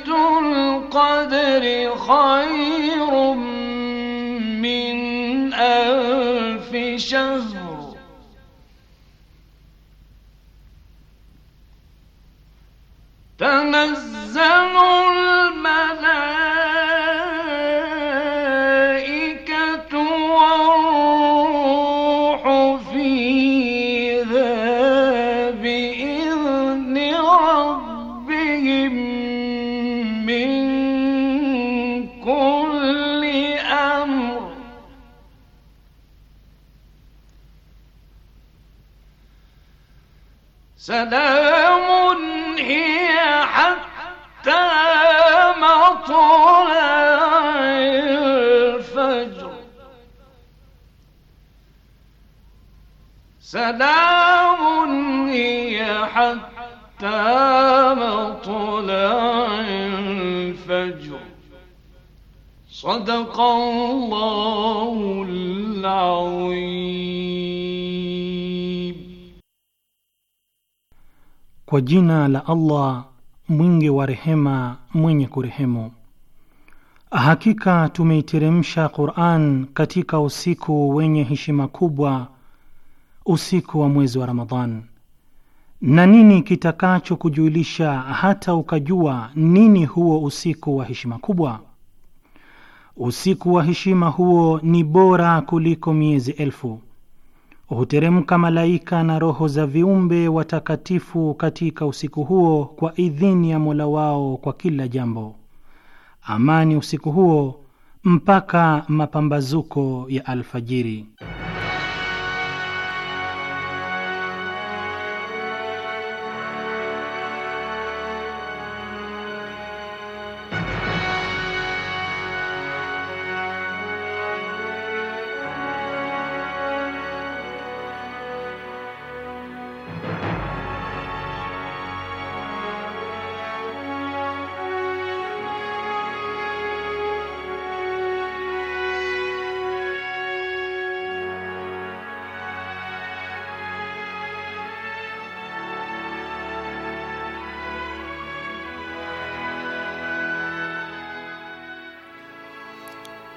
القدر خير Kwa jina la Allah mwingi wa rehema mwenye kurehemu. Hakika tumeiteremsha Qur'an katika usiku wenye heshima kubwa usiku wa mwezi wa Ramadhan. Na nini kitakachokujulisha hata ukajua nini huo usiku wa heshima kubwa? Usiku wa heshima huo ni bora kuliko miezi elfu. Huteremka malaika na roho za viumbe watakatifu katika usiku huo kwa idhini ya Mola wao kwa kila jambo. Amani usiku huo mpaka mapambazuko ya alfajiri.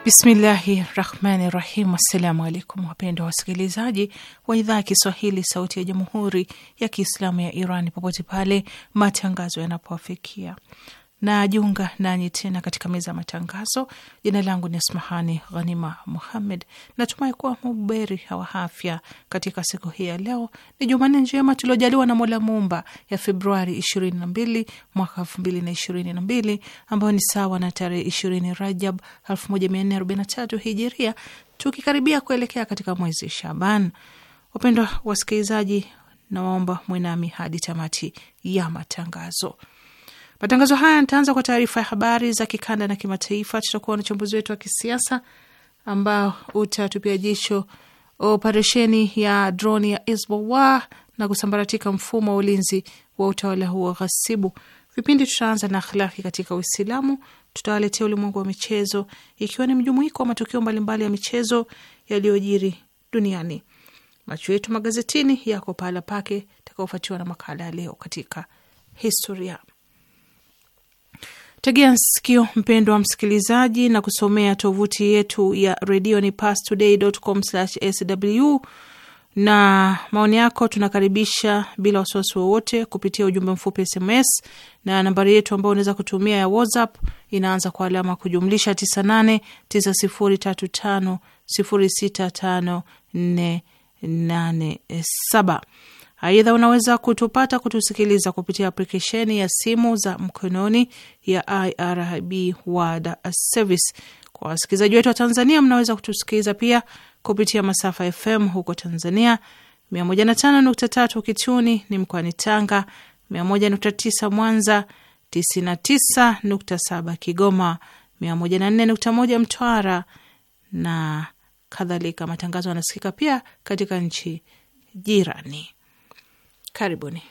Bismillahi rahmani rahim. Assalamu alaikum wapendo wa wasikilizaji wa idhaa ya Kiswahili sauti ya jamhuri ya Kiislamu ya Iran popote pale matangazo yanapowafikia na nanyi tena katika meza ya matangazo. Jina langu ni Asmahani Ghanima Muhammed. Natumai kuwa muberi wa afya katika siku hii ya leo. Ni Jumanne njema tuliojaliwa na Mola Mumba ya Februari 22 mwaka 2022 ambayo ni sawa na tarehe 20 Rajab 1443 Hijiria, tukikaribia kuelekea katika mwezi Shaban. Wapendwa wasikilizaji, nawaomba mwenami hadi tamati ya matangazo. Matangazo haya yataanza kwa taarifa ya habari za kikanda na kimataifa. Tutakuwa na uchambuzi wetu wa kisiasa ambao utatupia jicho operesheni ya droni ya Hezbollah na kusambaratika mfumo wa ulinzi wa utawala huo ghasibu. Vipindi tutaanza na akhlaki katika Uislamu, tutawaletea ulimwengu wa michezo, ikiwa ni mjumuiko wa matukio mbalimbali ya michezo yaliyojiri duniani. Macho yetu magazetini yako pahala pake, takaofuatiwa na makala ya leo katika historia. Tegea sikio mpendo wa msikilizaji, na kusomea tovuti yetu ya redio ni pastoday.com/sw, na maoni yako tunakaribisha bila wasiwasi wowote kupitia ujumbe mfupi SMS, na nambari yetu ambayo unaweza kutumia ya WhatsApp inaanza kwa alama kujumlisha 989035065487. Aidha, unaweza kutupata kutusikiliza kupitia aplikesheni ya simu za mkononi ya IRIB World Service. Kwa wasikilizaji wetu wa Tanzania, mnaweza kutusikiliza pia kupitia masafa FM huko Tanzania, 105.3 Kituni ni mkoani Tanga, 101.9 Mwanza, 99.7 Kigoma, 104.1 Mtwara na kadhalika. Matangazo yanasikika pia katika nchi jirani. Karibuni.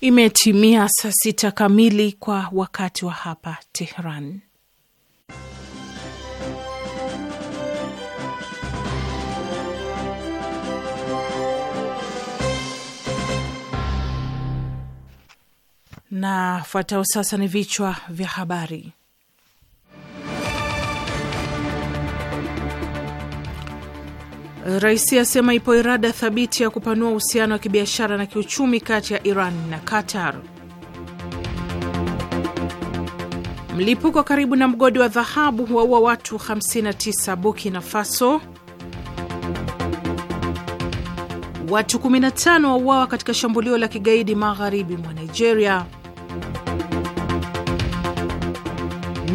Imetimia saa sita kamili kwa wakati wa hapa Tehran. na fuatao sasa ni vichwa vya habari. Raisi asema ipo irada thabiti ya kupanua uhusiano wa kibiashara na kiuchumi kati ya Iran na Qatar. Mlipuko karibu na mgodi wa dhahabu waua watu 59 Burkina Faso. Watu 15 wauawa katika shambulio la kigaidi magharibi mwa Nigeria.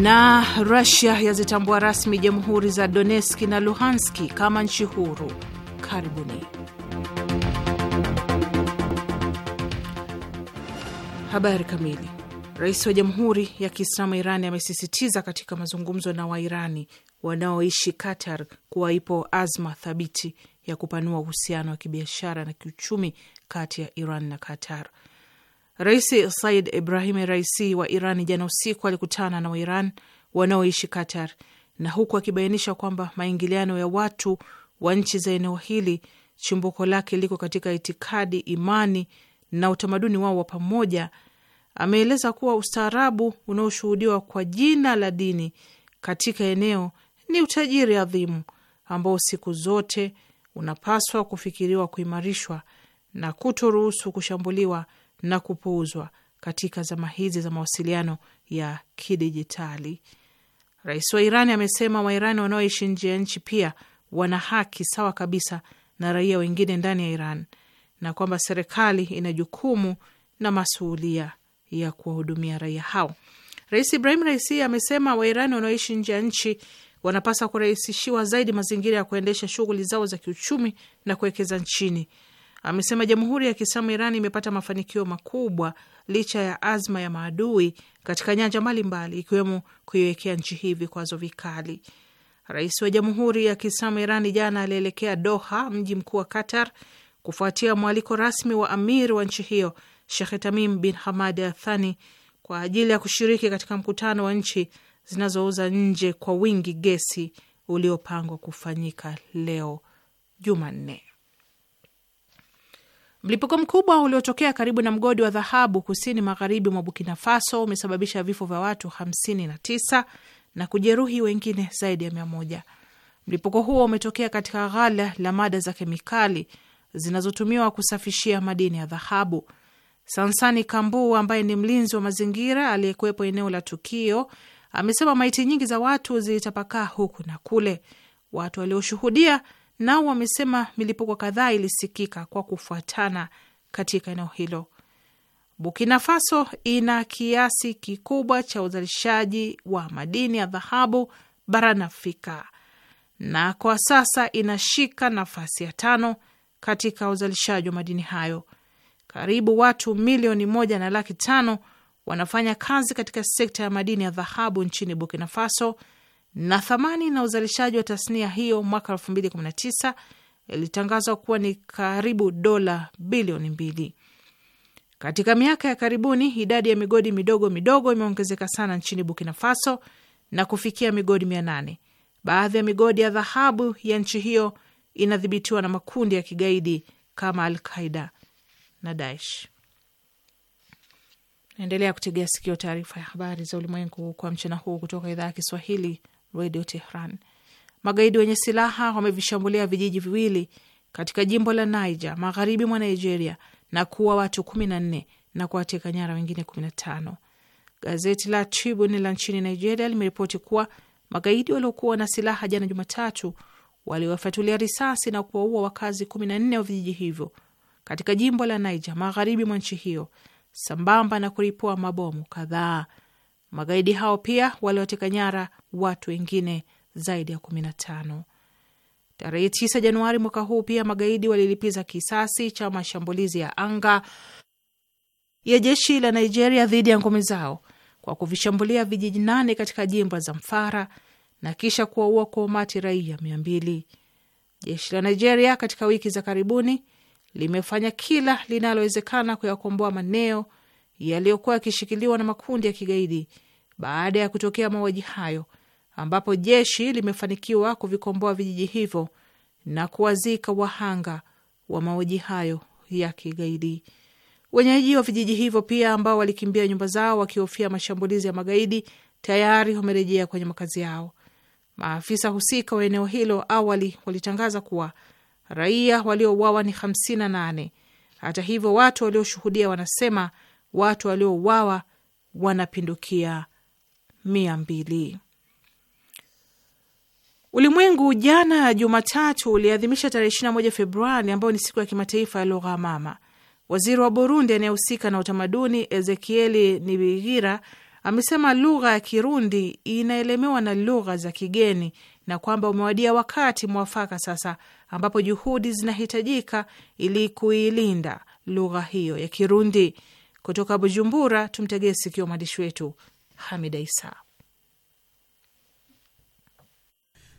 na Rusia yazitambua rasmi jamhuri za donetski na Luhanski kama nchi huru. Karibuni. Habari kamili. Rais wa Jamhuri ya Kiislamu Irani amesisitiza katika mazungumzo na Wairani wanaoishi Qatar kuwa ipo azma thabiti ya kupanua uhusiano wa kibiashara na kiuchumi kati ya Iran na Qatar. Rais Said Ibrahim Raisi wa Iran jana usiku alikutana na Wairan wanaoishi Qatar na huku akibainisha kwamba maingiliano ya watu wa nchi za eneo hili chimbuko lake liko katika itikadi, imani na utamaduni wao wa pamoja, ameeleza kuwa ustaarabu unaoshuhudiwa kwa jina la dini katika eneo ni utajiri adhimu ambao siku zote unapaswa kufikiriwa, kuimarishwa na kutoruhusu kushambuliwa na kupuuzwa katika zama hizi za mawasiliano ya kidijitali. Rais wa Irani amesema Wairani wanaoishi nje ya nchi pia wana haki sawa kabisa na raia wengine ndani ya Iran na kwamba serikali ina jukumu na masuulia ya kuwahudumia raia hao. Rais Ibrahim Raisi amesema Wairani wanaoishi nje ya nchi wanapaswa kurahisishiwa zaidi mazingira ya kuendesha shughuli zao za kiuchumi na kuwekeza nchini amesema Jamhuri ya Kiislamu Iran imepata mafanikio makubwa licha ya azma ya maadui katika nyanja mbalimbali ikiwemo kuiwekea nchi hii vikwazo vikali. Rais wa Jamhuri ya Kiislamu Iran jana alielekea Doha, mji mkuu wa Qatar, kufuatia mwaliko rasmi wa amir wa nchi hiyo Shekh Tamim bin Hamad Al Thani kwa ajili ya kushiriki katika mkutano wa nchi zinazouza nje kwa wingi gesi uliopangwa kufanyika leo Jumanne. Mlipuko mkubwa uliotokea karibu na mgodi wa dhahabu kusini magharibi mwa Burkina Faso umesababisha vifo vya watu 59 na kujeruhi wengine zaidi ya 100. Mlipuko huo umetokea katika ghala la mada za kemikali zinazotumiwa kusafishia madini ya dhahabu. Sansani Kambu ambaye ni mlinzi wa mazingira aliyekuwepo eneo la tukio amesema maiti nyingi za watu zilitapakaa huku na kule. Watu walioshuhudia nao wamesema milipuko kadhaa ilisikika kwa kufuatana katika eneo hilo. Burkina Faso ina kiasi kikubwa cha uzalishaji wa madini ya dhahabu barani Afrika na kwa sasa inashika nafasi ya tano katika uzalishaji wa madini hayo. Karibu watu milioni moja na laki tano wanafanya kazi katika sekta ya madini ya dhahabu nchini Burkina Faso na thamani na uzalishaji wa tasnia hiyo mwaka 2019 ilitangazwa kuwa ni karibu dola bilioni mbili. Katika miaka ya karibuni idadi ya migodi midogo midogo imeongezeka sana nchini Burkina Faso na kufikia migodi mia nane. Baadhi ya migodi ya dhahabu ya nchi hiyo inadhibitiwa na makundi ya kigaidi kama Al Qaida na Daesh. Naendelea kutegea sikio taarifa ya habari za ulimwengu kwa mchana huu kutoka idhaa ya Kiswahili Radio Tehran. Magaidi wenye silaha wamevishambulia vijiji viwili katika jimbo la Niger, magharibi mwa Nigeria, na kuua watu 14 na kuwateka nyara wengine 15. Gazeti la Tribune la nchini Nigeria limeripoti kuwa magaidi waliokuwa na silaha jana Jumatatu waliwafyatulia risasi na kuwaua wakazi 14 wa vijiji hivyo katika jimbo la Niger, magharibi mwa nchi hiyo, sambamba na kulipua mabomu kadhaa Magaidi hao pia waliwateka nyara watu wengine zaidi ya kumi na tano. Tarehe 9 Januari mwaka huu pia magaidi walilipiza kisasi cha mashambulizi ya anga ya jeshi la Nigeria dhidi ya ngome zao kwa kuvishambulia vijiji nane katika jimbo za mfara na kisha kuwaua kwa umati raia mia mbili. Jeshi la Nigeria katika wiki za karibuni limefanya kila linalowezekana kuyakomboa maeneo yaliyokuwa yakishikiliwa na makundi ya kigaidi baada ya kutokea mauaji hayo, ambapo jeshi limefanikiwa kuvikomboa vijiji hivyo na kuwazika wahanga wa mauaji hayo ya kigaidi. Wenyeji wa vijiji hivyo pia ambao walikimbia nyumba zao wakihofia mashambulizi ya magaidi tayari wamerejea kwenye makazi yao. Maafisa husika wa eneo hilo awali walitangaza kuwa raia waliouawa ni 58. Hata hivyo, watu walioshuhudia wanasema watu waliouawa wanapindukia mia mbili. Ulimwengu jana Jumatatu uliadhimisha tarehe moja Februari ambayo ni siku ya kimataifa ya lugha mama. Waziri wa Burundi anayehusika na utamaduni Ezekieli Nibigira amesema lugha ya Kirundi inaelemewa na lugha za kigeni na kwamba umewadia wakati mwafaka sasa ambapo juhudi zinahitajika ili kuilinda lugha hiyo ya Kirundi. Kutoka Bujumbura tumtegee sikio mwandishi wetu Hamida Isa.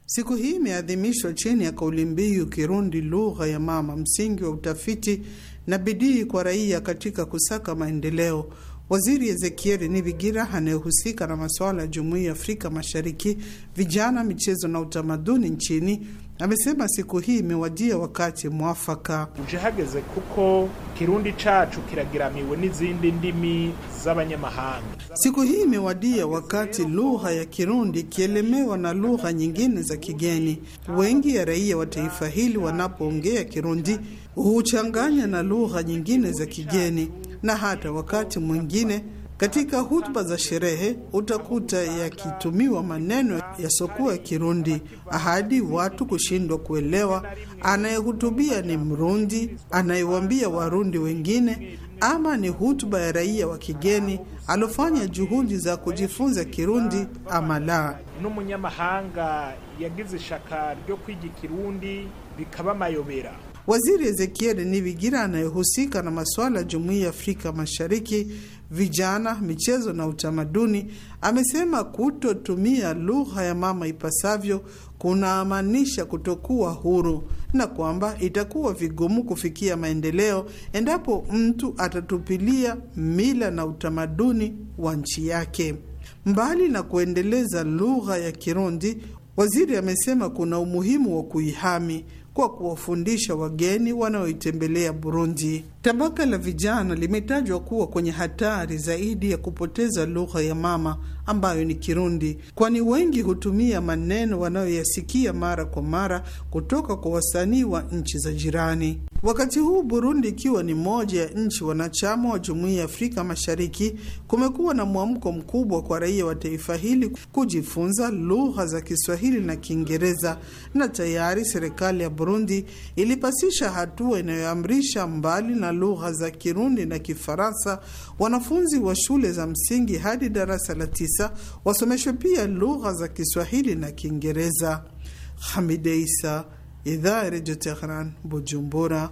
Siku hii imeadhimishwa chini ya kauli mbiu Kirundi lugha ya mama, msingi wa utafiti na bidii kwa raia katika kusaka maendeleo. Waziri Ezekiel Nivigira anayehusika na masuala ya Jumuiya ya Afrika Mashariki, vijana, michezo na utamaduni nchini Amesema siku hii imewadia wakati mwafaka ujihageze kuko kirundi chacu kiragiramiwe n'izindi ndimi z'abanyamahanga. Siku hii imewadia wakati lugha ya Kirundi kielemewa na lugha nyingine za kigeni. Wengi ya raia wa taifa hili wanapoongea Kirundi huchanganya na lugha nyingine za kigeni, na hata wakati mwingine katika hutuba za sherehe utakuta yakitumiwa maneno yasiokuwa ya Kirundi ahadi watu kushindwa kuelewa. Anayehutubia ni Mrundi anayewambia Warundi wengine, ama ni hutuba ya raia wa kigeni alofanya juhudi za kujifunza Kirundi ama la. N'umunyamahanga yagize ishaka ryo kwiga Kirundi bikaba mayobera Waziri Ezekiel Nibigira anayehusika na masuala ya Jumuiya ya Afrika Mashariki vijana, michezo na utamaduni, amesema kutotumia lugha ya mama ipasavyo kunaamanisha kutokuwa huru na kwamba itakuwa vigumu kufikia maendeleo endapo mtu atatupilia mila na utamaduni wa nchi yake. Mbali na kuendeleza lugha ya Kirundi, waziri amesema kuna umuhimu wa kuihami kwa kuwafundisha wageni wanaoitembelea Burundi. Tabaka la vijana limetajwa kuwa kwenye hatari zaidi ya kupoteza lugha ya mama ambayo ni Kirundi, kwani wengi hutumia maneno wanayoyasikia mara kwa mara kutoka kwa wasanii wa nchi za jirani. Wakati huu Burundi ikiwa ni moja ya nchi wanachama wa Jumuiya ya Afrika Mashariki, kumekuwa na mwamko mkubwa kwa raia wa taifa hili kujifunza lugha za Kiswahili na Kiingereza, na tayari serikali ya Burundi ilipasisha hatua inayoamrisha mbali na lugha za Kirundi na Kifaransa, wanafunzi wa shule za msingi hadi darasa la tisa wasomeshwe pia lugha za Kiswahili na Kiingereza. Hamid Isa, Idhaa ya Redio Tehran, Bujumbura.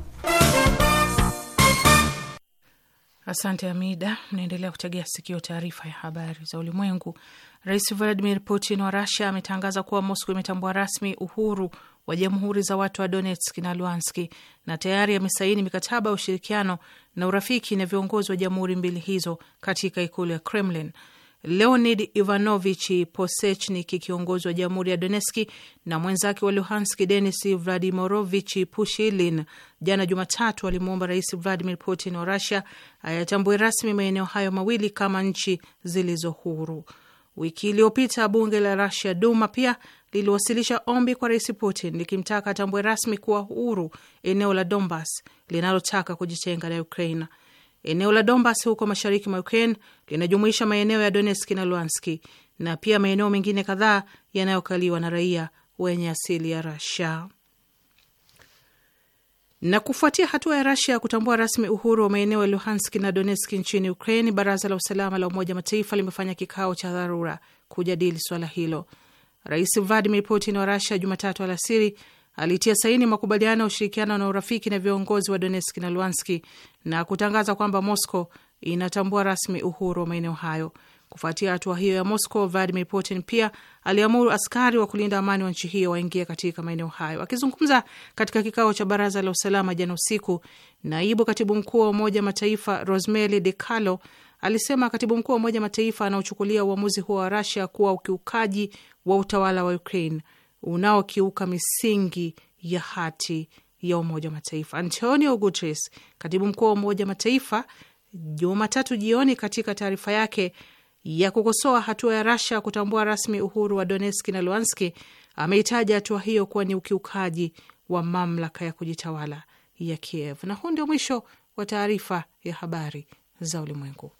Asante Amida. Mnaendelea kutegea sikio taarifa ya habari za ulimwengu. Rais Vladimir Putin wa Rasia ametangaza kuwa Moscow imetambua rasmi uhuru wa jamhuri za watu wa Donetski na Luanski na tayari amesaini mikataba ya ushirikiano na urafiki na viongozi wa jamhuri mbili hizo katika ikulu ya Kremlin. Leonid Ivanovich Posechnik, kiongozi wa jamhuri ya Donetski, na mwenzake wa Luhanski, Denis Vladimirovich Pushilin, jana Jumatatu, alimwomba Rais Vladimir Putin wa Rusia ayatambue rasmi maeneo hayo mawili kama nchi zilizo huru. Wiki iliyopita bunge la Rusia, Duma, pia liliwasilisha ombi kwa Rais Putin likimtaka atambue rasmi kuwa huru eneo la Donbas linalotaka kujitenga na ukrain Eneo la Donbas huko mashariki mwa Ukraine linajumuisha maeneo ya Donetski na Luhanski na pia maeneo mengine kadhaa yanayokaliwa na raia wenye asili ya Rasia. Na kufuatia hatua ya Rasia ya kutambua rasmi uhuru wa maeneo ya Luhanski na Donetski nchini Ukraine, baraza la usalama la Umoja Mataifa limefanya kikao cha dharura kujadili swala hilo. Rais Vladimir Putin wa Rasia Jumatatu alasiri alitia saini makubaliano ya ushirikiano na urafiki na viongozi wa Donetski na Luanski na kutangaza kwamba Moscow inatambua rasmi uhuru wa maeneo hayo. Kufuatia hatua hiyo ya Moscow, Vladimir Putin pia aliamuru askari wa kulinda amani wa nchi hiyo waingie katika maeneo hayo. Akizungumza katika kikao cha baraza la usalama jana usiku, naibu katibu mkuu wa Umoja Mataifa Rosemary De Carlo alisema katibu mkuu wa Umoja Mataifa anaochukulia uamuzi huo wa Rasia kuwa ukiukaji wa utawala wa Ukraine unaokiuka misingi ya hati ya Umoja wa Mataifa. Antonio Guterres, katibu mkuu wa Umoja wa Mataifa, Jumatatu jioni katika taarifa yake ya kukosoa hatua ya Rasha kutambua rasmi uhuru wa Donetski na luanski ameitaja hatua hiyo kuwa ni ukiukaji wa mamlaka ya kujitawala ya Kiev. Na huu ndio mwisho wa taarifa ya habari za ulimwengu.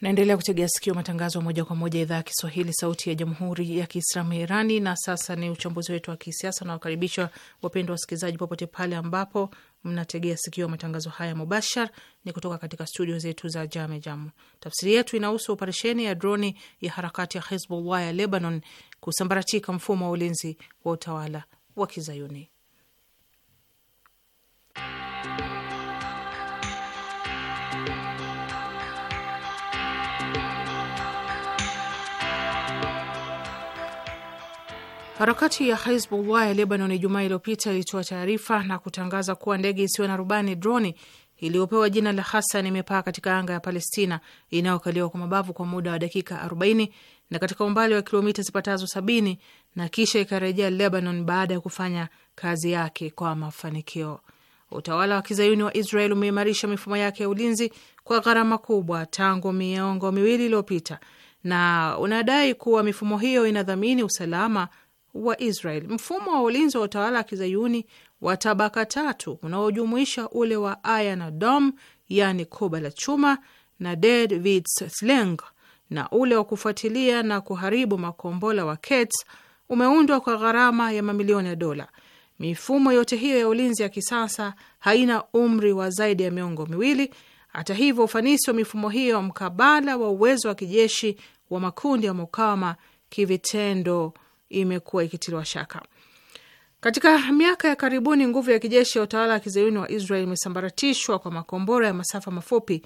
Naendelea kutegea sikio matangazo moja kwa moja idhaa ya Kiswahili, sauti ya jamhuri ya kiislamu ya Irani. Na sasa ni uchambuzi wetu wa kisiasa, na wakaribishwa wapendwa wasikilizaji, popote pale ambapo mnategea sikio matangazo haya mubashar, ni kutoka katika studio zetu za Jame Jam. Tafsiri yetu inahusu operesheni ya droni ya harakati ya Hezbollah ya Lebanon kusambaratika mfumo wa ulinzi wa utawala wa kizayuni Harakati ya Hizbullah ya Lebanon Ijumaa iliyopita ilitoa taarifa na kutangaza kuwa ndege isiyo na rubani droni iliyopewa jina la Hasan imepaa katika anga ya Palestina inayokaliwa kwa mabavu kwa muda wa dakika 40 na katika umbali wa kilomita zipatazo sabini na kisha ikarejea Lebanon baada ya kufanya kazi yake kwa mafanikio. Utawala wa kizayuni wa Israel umeimarisha mifumo yake ya ulinzi kwa gharama kubwa tangu miongo miwili iliyopita na unadai kuwa mifumo hiyo inadhamini usalama wa Israel. Mfumo wa ulinzi wa utawala wa kizayuni wa tabaka tatu unaojumuisha ule wa na dom, yani koba la chuma na vids sling, na ule wa kufuatilia na kuharibu makombola wa Kets umeundwa kwa gharama ya mamilioni ya dola. Mifumo yote hiyo ya ulinzi ya kisasa haina umri wa zaidi ya miongo miwili. Hata hivyo, ufanisi wa mifumo hiyo mkabala wa uwezo wa kijeshi wa makundi ya mukawama kivitendo imekuwa ikitiliwa shaka. Katika miaka ya karibuni, nguvu ya kijeshi ya utawala wa kizayuni wa Israel imesambaratishwa kwa makombora ya masafa mafupi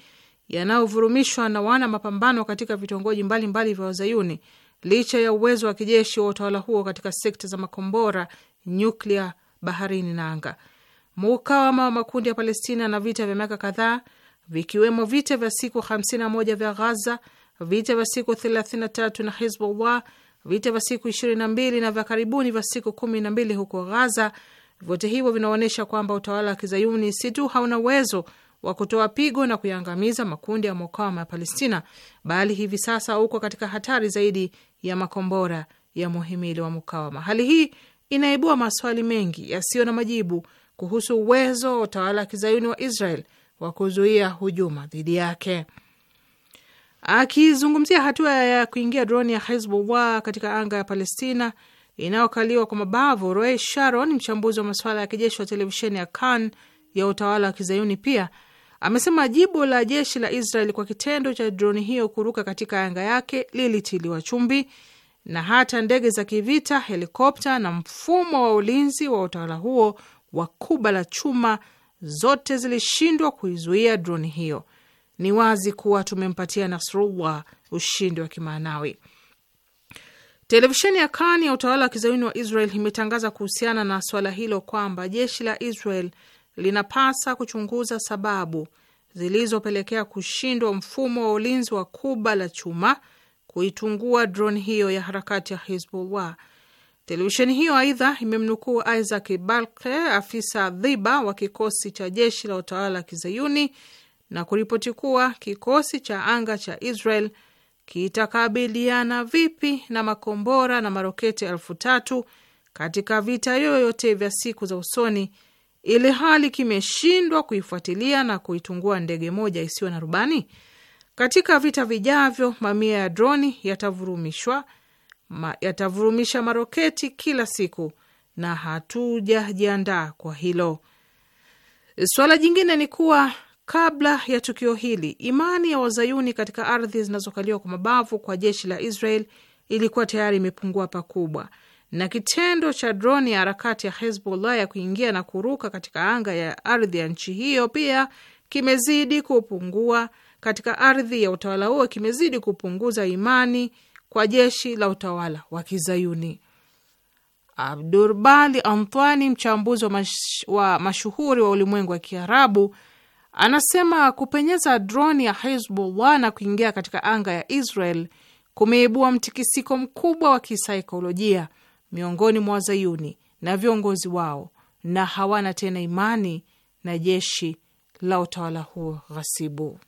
yanayovurumishwa na wana mapambano katika vitongoji mbalimbali vya Wazayuni, licha ya uwezo wa kijeshi wa utawala huo katika sekta za makombora, nyuklia, baharini na anga. Mukawama wa makundi ya Palestina na vita vya miaka kadhaa vikiwemo vita vya siku 51 vya Ghaza, vita vya siku 33 na Hizbullah vita vya siku ishirini na mbili na vya karibuni vya siku kumi na mbili huko Ghaza, vyote hivyo vinaonyesha kwamba utawala wa kizayuni si tu hauna uwezo wa kutoa pigo na kuyaangamiza makundi ya mukawama ya Palestina, bali hivi sasa uko katika hatari zaidi ya makombora ya muhimili wa mukawama. Hali hii inaibua maswali mengi yasiyo na majibu kuhusu uwezo wa utawala wa kizayuni wa Israel wa kuzuia hujuma dhidi yake. Akizungumzia hatua ya kuingia droni ya Hezbollah katika anga ya Palestina inayokaliwa kwa mabavu, Roy Sharon, mchambuzi wa masuala ya kijeshi wa televisheni ya Kan ya utawala wa kizayuni, pia amesema jibu la jeshi la Israel kwa kitendo cha droni hiyo kuruka katika anga yake lilitiliwa chumbi, na hata ndege za kivita, helikopta na mfumo wa ulinzi wa utawala huo wa kuba la chuma zote zilishindwa kuizuia droni hiyo ni wazi kuwa tumempatia Nasrullah ushindi wa kimaanawi. Televisheni ya kani ya utawala wa kizayuni wa Israel imetangaza kuhusiana na swala hilo kwamba jeshi la Israel linapasa kuchunguza sababu zilizopelekea kushindwa mfumo wa ulinzi wa kuba la chuma kuitungua dron hiyo ya harakati ya Hizbullah. Televisheni hiyo aidha imemnukuu Isaac Balke, afisa dhiba wa kikosi cha jeshi la utawala wa kizayuni na kuripoti kuwa kikosi cha anga cha Israel kitakabiliana vipi na makombora na maroketi elfu tatu katika vita yoyote vya siku za usoni, ili hali kimeshindwa kuifuatilia na kuitungua ndege moja isiyo na rubani. Katika vita vijavyo, mamia ya droni yatavurumishwa ma, yatavurumisha maroketi kila siku, na hatujajiandaa kwa hilo. Suala jingine ni kuwa Kabla ya tukio hili, imani ya wazayuni katika ardhi zinazokaliwa kwa mabavu kwa jeshi la Israel ilikuwa tayari imepungua pakubwa, na kitendo cha droni ya harakati ya Hezbollah ya kuingia na kuruka katika anga ya ardhi ya nchi hiyo pia kimezidi kupungua katika ardhi ya utawala huo, kimezidi kupunguza imani kwa jeshi la utawala wa Kizayuni. Abdurbali Antwani, mchambuzi wa, mash, wa mashuhuri wa ulimwengu wa Kiarabu, Anasema kupenyeza droni ya Hezbollah na kuingia katika anga ya Israel kumeibua mtikisiko mkubwa wa kisaikolojia miongoni mwa wazayuni na viongozi wao, na hawana tena imani na jeshi la utawala huo ghasibu.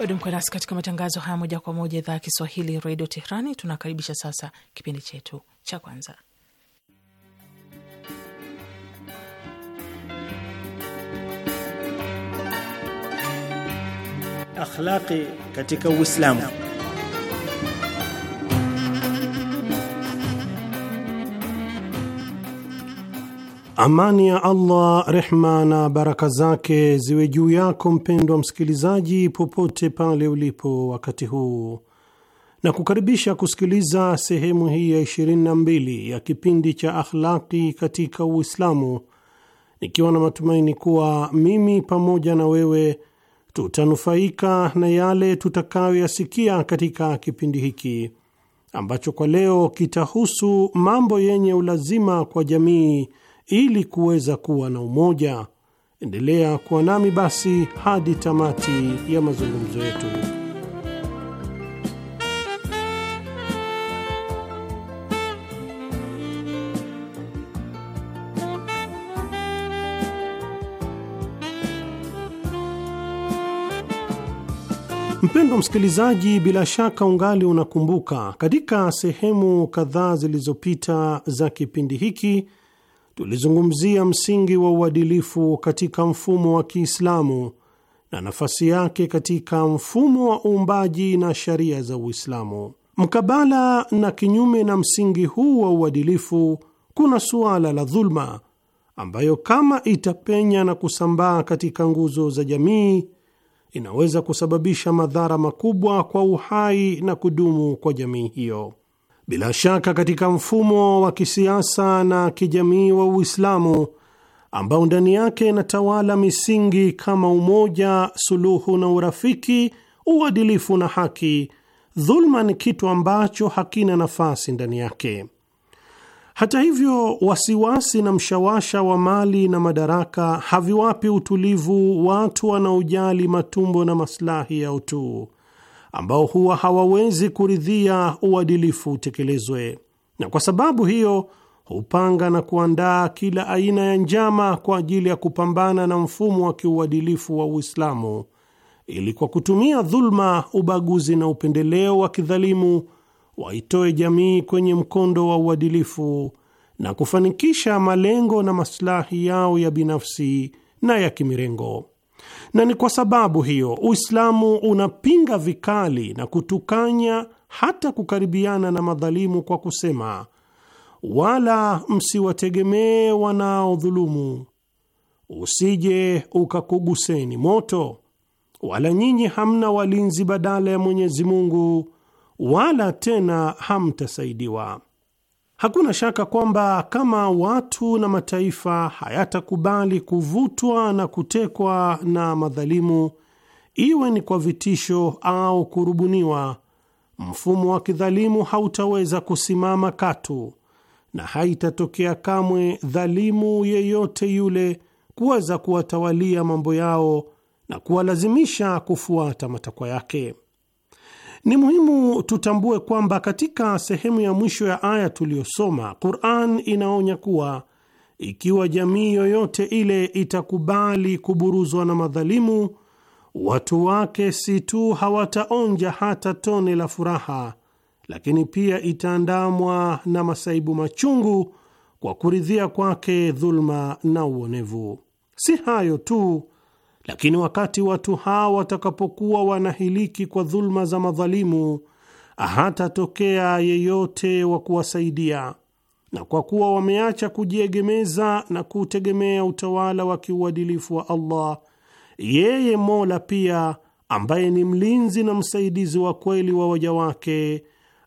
Bado mko nasi katika matangazo haya moja kwa moja, idhaa ya Kiswahili, redio Tehrani. Tunakaribisha sasa kipindi chetu cha kwanza, akhlaqi katika Uislamu. Amani ya Allah, rehma na baraka zake ziwe juu yako mpendwa msikilizaji, popote pale ulipo wakati huu, na kukaribisha kusikiliza sehemu hii ya 22 ya kipindi cha Akhlaqi katika Uislamu, nikiwa na matumaini kuwa mimi pamoja na wewe tutanufaika na yale tutakayoyasikia katika kipindi hiki ambacho kwa leo kitahusu mambo yenye ulazima kwa jamii ili kuweza kuwa na umoja. Endelea kuwa nami basi hadi tamati ya mazungumzo yetu. Mpendwa msikilizaji, bila shaka ungali unakumbuka katika sehemu kadhaa zilizopita za kipindi hiki tulizungumzia msingi wa uadilifu katika mfumo wa Kiislamu na nafasi yake katika mfumo wa uumbaji na sharia za Uislamu. Mkabala na kinyume na msingi huu wa uadilifu, kuna suala la dhulma ambayo kama itapenya na kusambaa katika nguzo za jamii inaweza kusababisha madhara makubwa kwa uhai na kudumu kwa jamii hiyo. Bila shaka katika mfumo wa kisiasa na kijamii wa Uislamu ambao ndani yake inatawala misingi kama umoja, suluhu na urafiki, uadilifu na haki, dhulma ni kitu ambacho hakina nafasi ndani yake. Hata hivyo, wasiwasi na mshawasha wa mali na madaraka haviwapi utulivu watu wanaojali matumbo na maslahi yao tu ambao huwa hawawezi kuridhia uadilifu utekelezwe, na kwa sababu hiyo hupanga na kuandaa kila aina ya njama kwa ajili ya kupambana na mfumo wa kiuadilifu wa Uislamu ili kwa kutumia dhulma, ubaguzi na upendeleo wa kidhalimu waitoe jamii kwenye mkondo wa uadilifu na kufanikisha malengo na maslahi yao ya binafsi na ya kimirengo na ni kwa sababu hiyo Uislamu unapinga vikali na kutukanya hata kukaribiana na madhalimu kwa kusema, wala msiwategemee wanaodhulumu, usije ukakuguseni moto, wala nyinyi hamna walinzi badala ya Mwenyezi Mungu, wala tena hamtasaidiwa. Hakuna shaka kwamba kama watu na mataifa hayatakubali kuvutwa na kutekwa na madhalimu, iwe ni kwa vitisho au kurubuniwa, mfumo wa kidhalimu hautaweza kusimama katu, na haitatokea kamwe dhalimu yeyote yule kuweza kuwatawalia mambo yao na kuwalazimisha kufuata matakwa yake. Ni muhimu tutambue kwamba katika sehemu ya mwisho ya aya tuliyosoma, Qur'an inaonya kuwa ikiwa jamii yoyote ile itakubali kuburuzwa na madhalimu, watu wake si tu hawataonja hata tone la furaha, lakini pia itaandamwa na masaibu machungu kwa kuridhia kwake dhulma na uonevu. Si hayo tu lakini wakati watu hawa watakapokuwa wanahiliki kwa dhuluma za madhalimu, hatatokea yeyote wa kuwasaidia, na kwa kuwa wameacha kujiegemeza na kutegemea utawala wa kiuadilifu wa Allah, yeye Mola pia ambaye ni mlinzi na msaidizi wa kweli wa waja wake,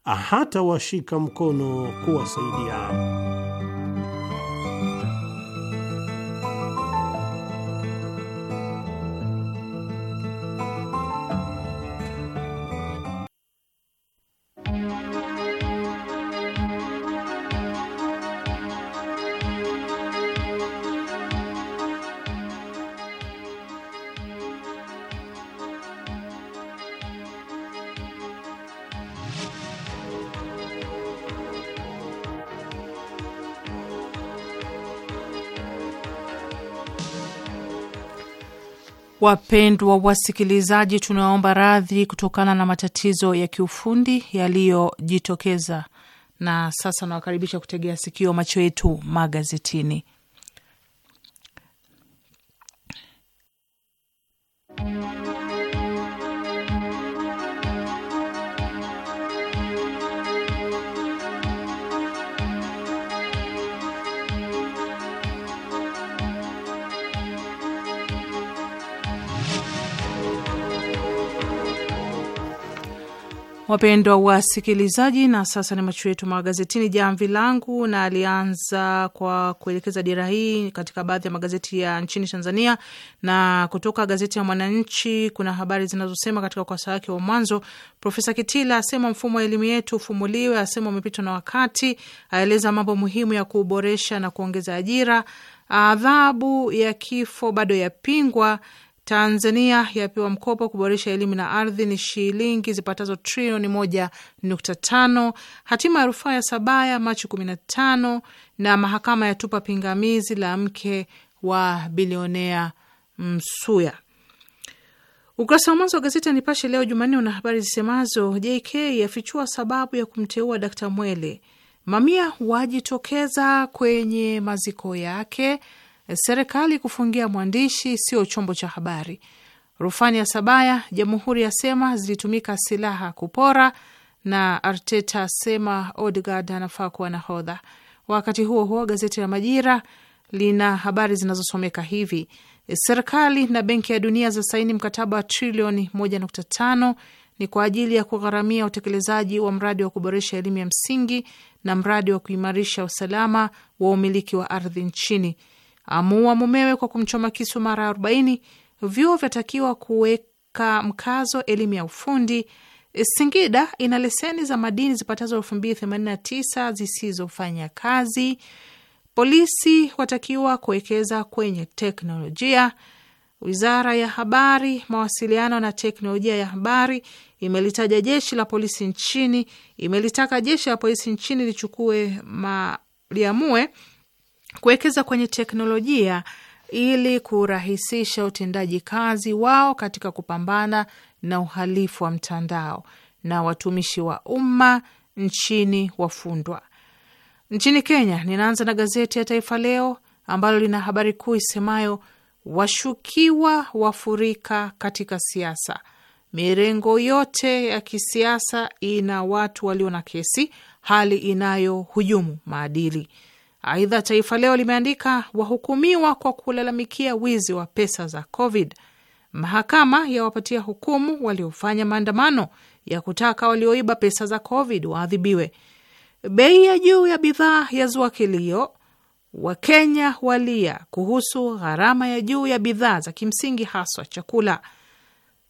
hatawashika mkono kuwasaidia. Wapendwa wasikilizaji, tunaomba radhi kutokana na matatizo ya kiufundi yaliyojitokeza, na sasa nawakaribisha kutegea sikio macho yetu magazetini. Wapendwa wasikilizaji, na sasa ni macho yetu magazetini. Jamvi langu na alianza kwa kuelekeza dira hii katika baadhi ya magazeti ya nchini Tanzania, na kutoka gazeti ya Mwananchi kuna habari zinazosema katika ukurasa wake wa mwanzo, Profesa Kitila asema mfumo wa elimu yetu ufumuliwe, asema umepitwa na wakati, aeleza mambo muhimu ya kuboresha na kuongeza ajira, adhabu ya kifo bado yapingwa Tanzania yapewa mkopo kuboresha elimu na ardhi ni shilingi zipatazo trilioni moja nukta tano. Hatima ya rufaa ya Sabaya Machi kumi na tano, na mahakama yatupa pingamizi la mke wa bilionea Msuya. Ukurasa wa mwanzo wa gazeti ya Nipashe leo Jumanne una habari zisemazo: JK yafichua sababu ya kumteua Dkt Mwele, mamia wajitokeza kwenye maziko yake Serikali kufungia mwandishi sio chombo cha habari. Rufani ya Sabaya, Jamhuri yasema zilitumika silaha kupora, na Arteta asema Odgard anafaa kuwa nahodha. Wakati huo huo, gazeti la Majira lina habari zinazosomeka hivi: serikali na Benki ya Dunia za saini mkataba wa trilioni 1.5 ni kwa ajili ya kugharamia utekelezaji wa mradi wa kuboresha elimu ya msingi na mradi wa kuimarisha usalama wa umiliki wa ardhi nchini amuua mumewe kwa kumchoma kisu mara arobaini. Vyuo vyatakiwa kuweka mkazo elimu ya ufundi. Singida ina leseni za madini zipatazo elfu mbili themanini na tisa zisizofanya kazi. Polisi watakiwa kuwekeza kwenye teknolojia. Wizara ya Habari, Mawasiliano na Teknolojia ya Habari imelitaja jeshi la polisi nchini, imelitaka jeshi la polisi nchini lichukue maliamue liamue kuwekeza kwenye teknolojia ili kurahisisha utendaji kazi wao katika kupambana na uhalifu wa mtandao na watumishi wa umma nchini wafundwa. Nchini Kenya, ninaanza na gazeti ya Taifa Leo ambalo lina habari kuu isemayo washukiwa wafurika katika siasa. Mirengo yote ya kisiasa ina watu walio na kesi, hali inayohujumu maadili. Aidha, Taifa Leo limeandika wahukumiwa kwa kulalamikia wizi wa pesa za Covid. Mahakama yawapatia hukumu waliofanya maandamano ya kutaka walioiba pesa za Covid waadhibiwe. Bei ya juu ya bidhaa yazua kilio. Wakenya walia kuhusu gharama ya juu ya bidhaa za kimsingi haswa chakula.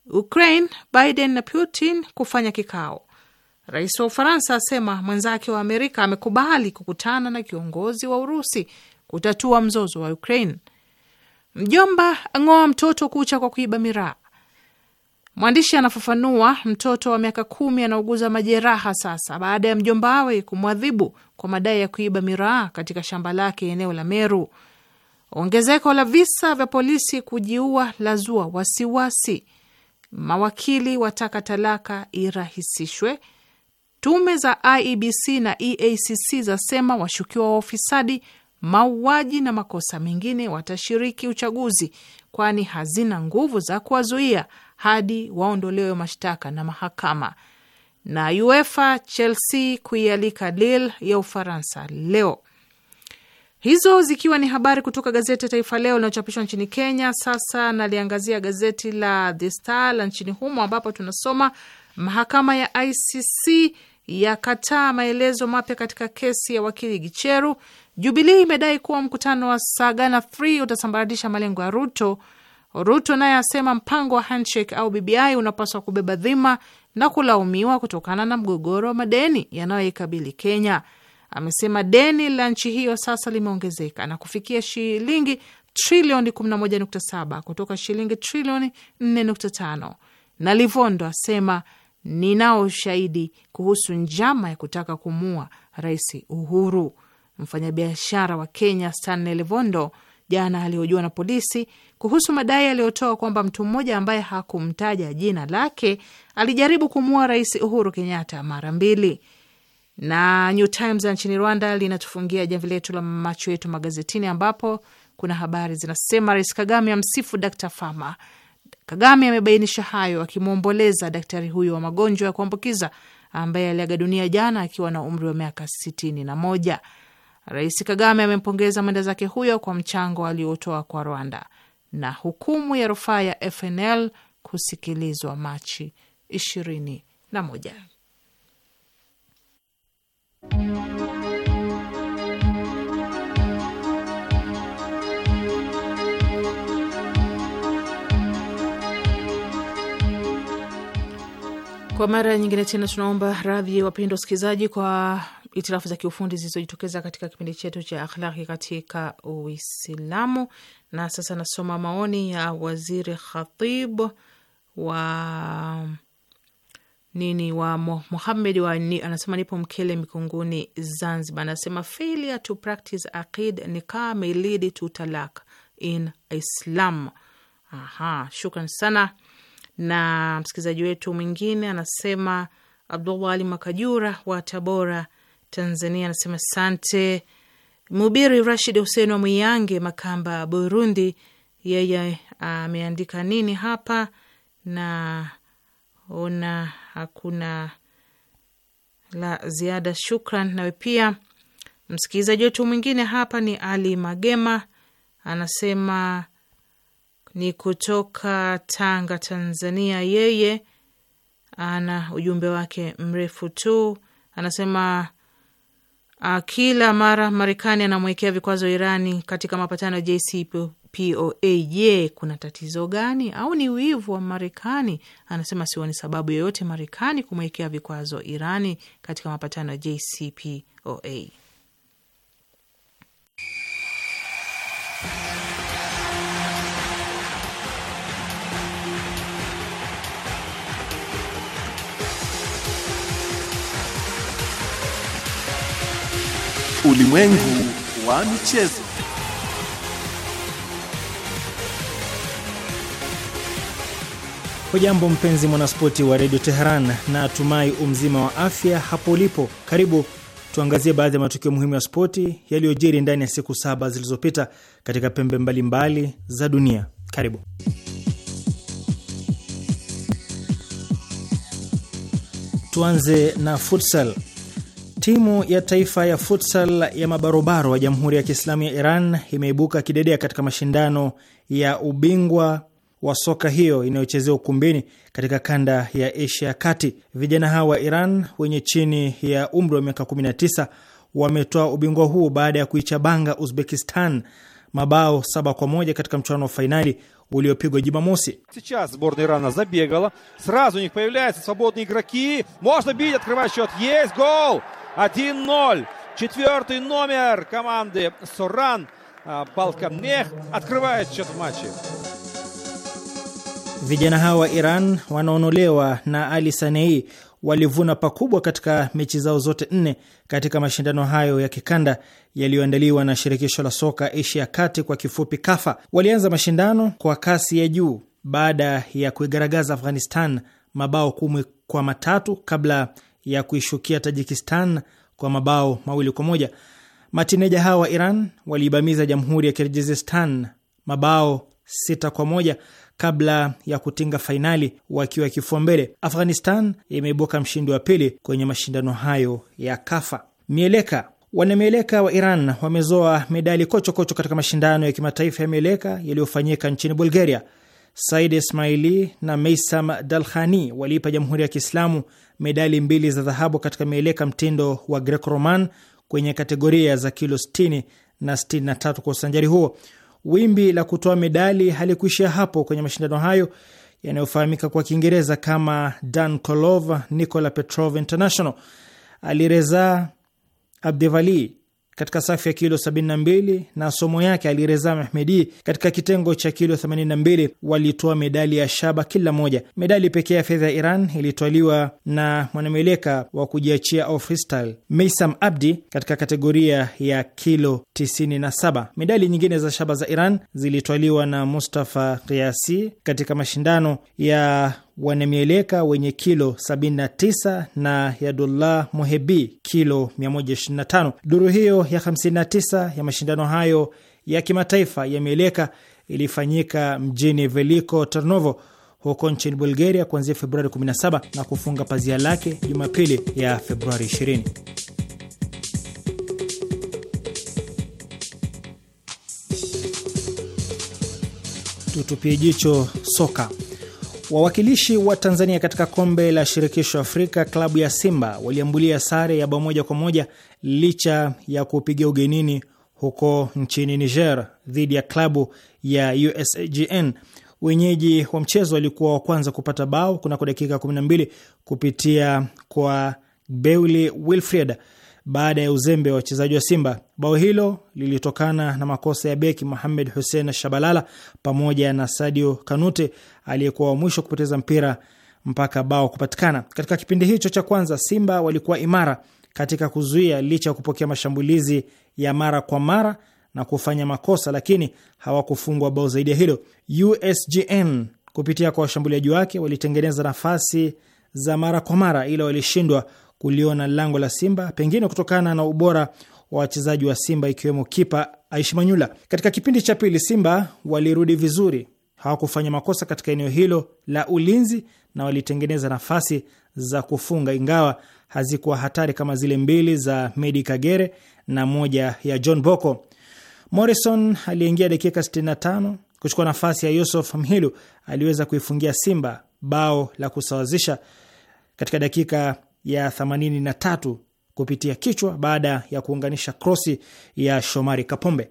Ukraine, Biden na Putin kufanya kikao. Rais wa Ufaransa asema mwenzake wa Amerika amekubali kukutana na kiongozi wa Urusi kutatua mzozo wa Ukraine. Mjomba ang'oa mtoto kucha kwa kuiba miraa. Mwandishi anafafanua, mtoto wa miaka kumi anauguza majeraha sasa baada ya mjomba awe kumwadhibu kwa madai ya kuiba miraa katika shamba lake eneo la Meru. Ongezeko la visa vya polisi kujiua lazua wasiwasi. Mawakili wataka talaka irahisishwe. Tume za IEBC na EACC zasema washukiwa wa ufisadi, mauaji na makosa mengine watashiriki uchaguzi, kwani hazina nguvu za kuwazuia hadi waondolewe mashtaka na mahakama. Na UEFA Chelsea kuialika Lille ya Ufaransa leo. Hizo zikiwa ni habari kutoka gazeti ya Taifa Leo linalochapishwa nchini Kenya. Sasa naliangazia gazeti la The Star la nchini humo, ambapo tunasoma mahakama ya ICC yakataa maelezo mapya katika kesi ya wakili Gicheru. Jubilii imedai kuwa mkutano wa Sagana 3 utasambaratisha malengo ya Ruto. Ruto naye asema mpango wa handshake au BBI unapaswa kubeba dhima na kulaumiwa kutokana na mgogoro wa madeni yanayoikabili Kenya. Amesema deni la nchi hiyo sasa limeongezeka na kufikia shilingi trilioni 11.7 kutoka shilingi trilioni 4.5. Na Livondo asema Ninao ushahidi kuhusu njama ya kutaka kumua Rais Uhuru. Mfanyabiashara wa Kenya Stanley Levondo jana alihojiwa na polisi kuhusu madai aliyotoa kwamba mtu mmoja ambaye hakumtaja jina lake alijaribu kumua Rais Uhuru Kenyatta mara mbili. Na New Times nchini Rwanda linatufungia jamvi letu la macho yetu magazetini, ambapo kuna habari zinasema Rais Kagame amsifu Dr Fama Kagame amebainisha hayo akimwomboleza daktari huyo wa magonjwa ya kuambukiza ambaye aliaga dunia jana akiwa na umri wa miaka sitini na moja. Rais Kagame amempongeza mwenda zake huyo kwa mchango aliotoa kwa Rwanda na hukumu ya rufaa ya FNL kusikilizwa Machi ishirini na moja. Kwa mara nyingine tena tunaomba radhi wapendwa wasikilizaji, kwa itirafu za kiufundi zilizojitokeza katika kipindi chetu cha akhlaki katika Uislamu. Na sasa nasoma maoni ya waziri Khatib wa nini wa Muhamed wa ni, anasema nipo Mkele Mikunguni, Zanzibar. Anasema failure to practice aqid nikah may lead to talak in Islam. Aha, shukran sana na msikilizaji wetu mwingine anasema Abdullah Ali Makajura wa Tabora, Tanzania, anasema sante mhubiri Rashid Hussein wa Mwiyange, Makamba, Burundi. Yeye ameandika nini hapa? na ona hakuna la ziada. Shukran. Nawe pia msikilizaji wetu mwingine hapa ni Ali Magema anasema ni kutoka Tanga, Tanzania. Yeye ana ujumbe wake mrefu tu, anasema ah, kila mara Marekani anamwekea vikwazo Irani katika mapatano ya JCPOA. Je, kuna tatizo gani au ni wivu wa Marekani? Anasema sioni sababu yoyote Marekani kumwekea vikwazo Irani katika mapatano ya JCPOA. Ulimwengu wa michezo. Hujambo mpenzi mwanaspoti wa redio Teheran na atumai umzima wa afya hapo ulipo. Karibu tuangazie baadhi ya matukio muhimu ya spoti yaliyojiri ndani ya siku saba zilizopita katika pembe mbalimbali mbali za dunia. Karibu. Tuanze na futsal. Timu ya taifa ya futsal ya mabarobaro wa Jamhuri ya Kiislamu ya Iran imeibuka kidedea katika mashindano ya ubingwa wa soka hiyo inayochezea ukumbini katika kanda ya Asia ya Kati. Vijana hawa wa Iran wenye chini ya umri wa miaka 19 wametoa ubingwa huu baada ya kuichabanga Uzbekistan mabao saba kwa moja katika mchuano wa fainali uliopigwa Jumamosi. Сейчас сборная Ирана забегала. Сразу у них появляются свободные игроки. Можно бить, открывать счет. Есть гол! 1-0. Четвертый номер команды Суран Балкамнех открывает счет в матче. Vijana hawa wa Iran wanaonolewa na Ali Sanei walivuna pakubwa katika mechi zao zote nne katika mashindano hayo ya kikanda yaliyoandaliwa na shirikisho la soka Asia ya kati kwa kifupi KAFA. Walianza mashindano kwa kasi ya juu baada ya kuigaragaza Afghanistan mabao kumi kwa matatu kabla ya kuishukia Tajikistan kwa mabao mawili kwa moja. Matineja hawa wa Iran waliibamiza jamhuri ya Kirgizistan mabao sita kwa moja kabla ya kutinga fainali wakiwa kifua mbele. Afghanistan imeibuka mshindi wa pili kwenye mashindano hayo ya Kafa. Mieleka. Wanamieleka wa Iran wamezoa medali kochokocho katika mashindano ya kimataifa ya mieleka yaliyofanyika nchini Bulgaria. Said Ismaili na Meisam Dalkhani waliipa Jamhuri ya Kiislamu medali mbili za dhahabu katika mieleka mtindo wa Greco Roman kwenye kategoria za kilo 60 na 63 kwa usanjari huo. Wimbi la kutoa medali halikuishia hapo kwenye mashindano hayo yanayofahamika kwa Kiingereza kama Dan Kolov Nikola Petrov International. Alireza Abdevali katika safu ya kilo 72 na somo yake Alireza Mehmedi katika kitengo cha kilo 82 walitoa medali ya shaba kila moja. Medali pekee ya fedha ya Iran ilitwaliwa na mwanameleka wa kujiachia au freestyle Meisam Abdi katika kategoria ya kilo 97. Medali nyingine za shaba za Iran zilitwaliwa na Mustafa Kiasi katika mashindano ya wanamieleka wenye kilo 79 na Yadullah Muhebi kilo 125. Duru hiyo ya 59 ya mashindano hayo ya kimataifa ya mieleka ilifanyika mjini Veliko Tarnovo huko nchini Bulgaria kuanzia Februari 17 na kufunga pazia lake Jumapili ya Februari 20. Tutupie jicho soka. Wawakilishi wa Tanzania katika kombe la shirikisho Afrika, klabu ya Simba waliambulia sare ya bao moja kwa moja licha ya kupiga ugenini huko nchini Niger dhidi ya klabu ya USGN. Wenyeji wa mchezo walikuwa wa kwanza kupata bao kunako dakika 12 kupitia kwa Beuli Wilfred baada ya uzembe wa wachezaji wa Simba. Bao hilo lilitokana na makosa ya beki muhamed Hussein Shabalala pamoja na Sadio Kanute aliyekuwa wa mwisho kupoteza mpira mpaka bao kupatikana. Katika kipindi hicho cha kwanza, Simba walikuwa imara katika kuzuia, licha ya kupokea mashambulizi ya mara kwa mara na kufanya makosa, lakini hawakufungwa bao zaidi ya hilo. USGN kupitia kwa washambuliaji wake walitengeneza nafasi za mara kwa mara, ila walishindwa kuliona lango la Simba, pengine kutokana na ubora wa wachezaji wa Simba ikiwemo kipa Aishi Manyula. Katika kipindi cha pili, Simba walirudi vizuri, hawakufanya makosa katika eneo hilo la ulinzi na walitengeneza nafasi za kufunga, ingawa hazikuwa hatari kama zile mbili za Medi Kagere na moja ya John Boko. Morrison aliingia dakika 65 kuchukua nafasi ya Yusuf Mhilu aliweza kuifungia Simba bao la kusawazisha katika dakika ya 83 kupitia kichwa baada ya kuunganisha krosi ya Shomari Kapombe.